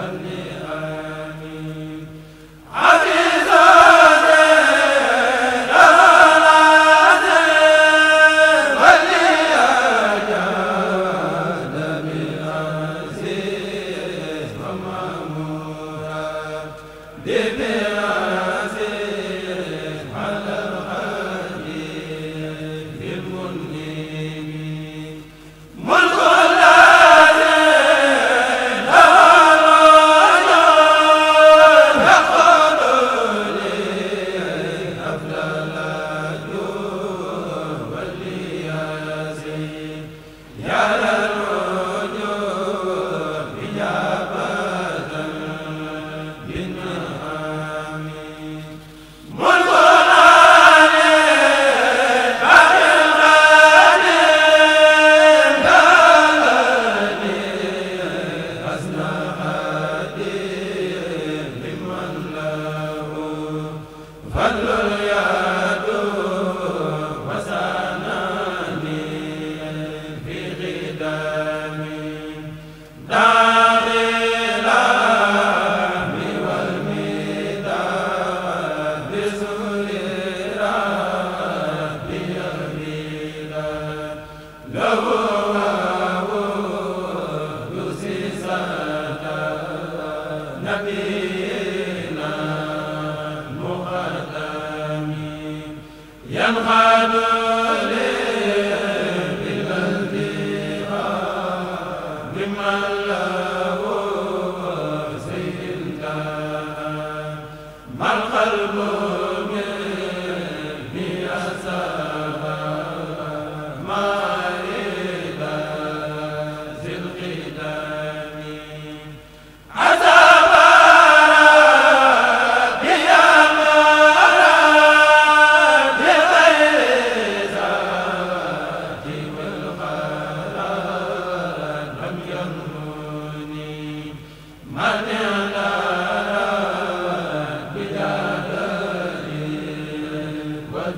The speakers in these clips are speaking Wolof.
balli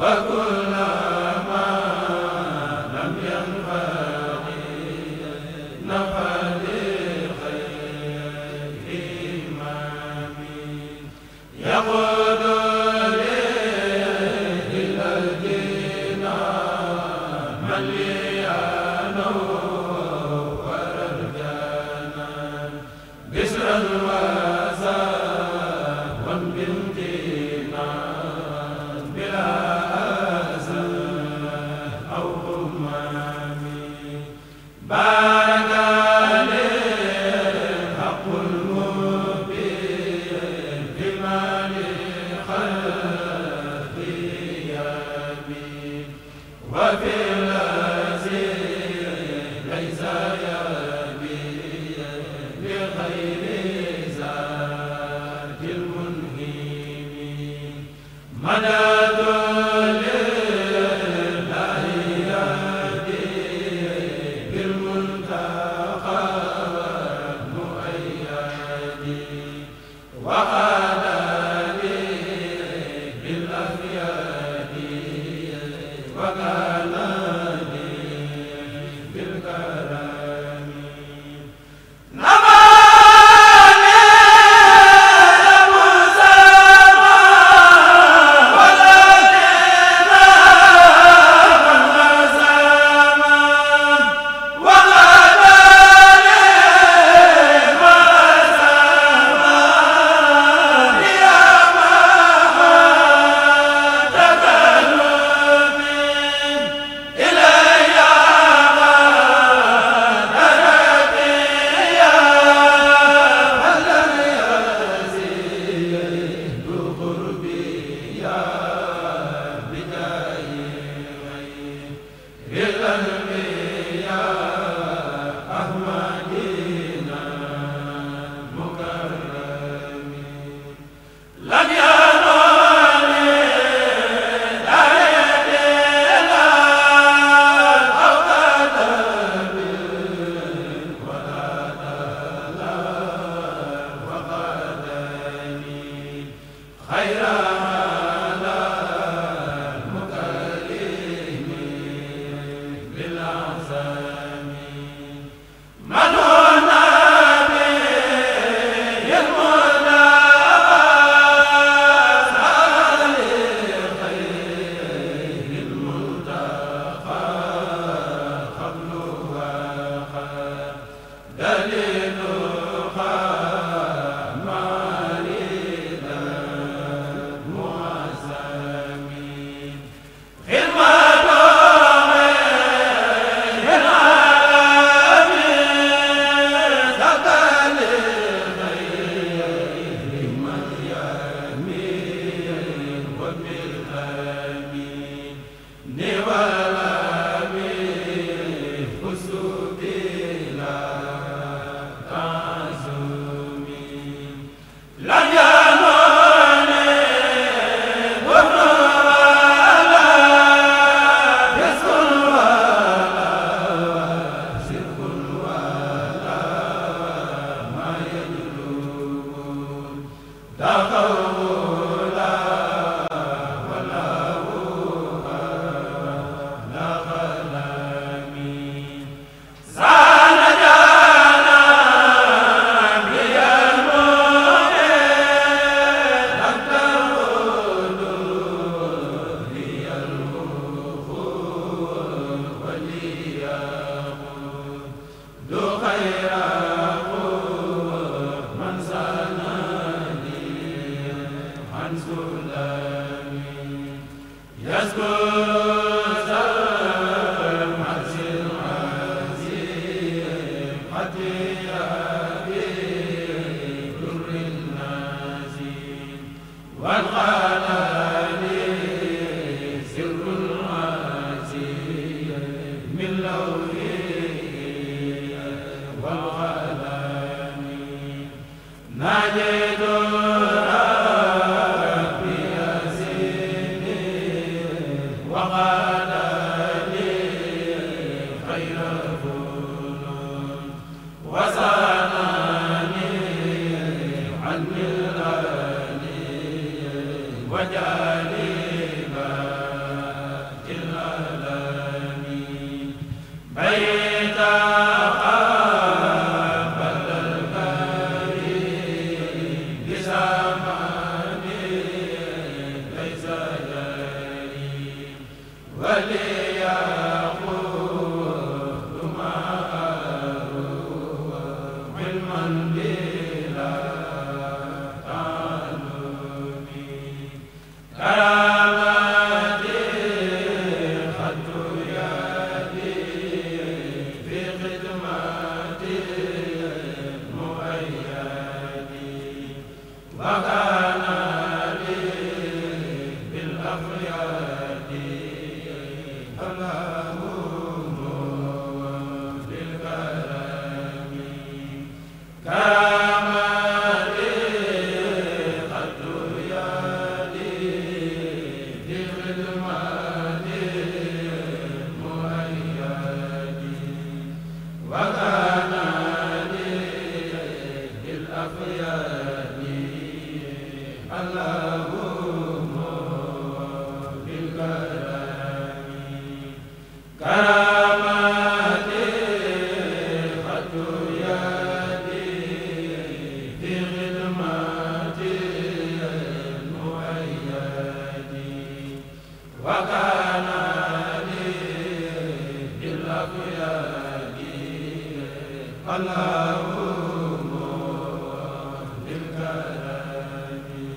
wa fi taxaw ati bi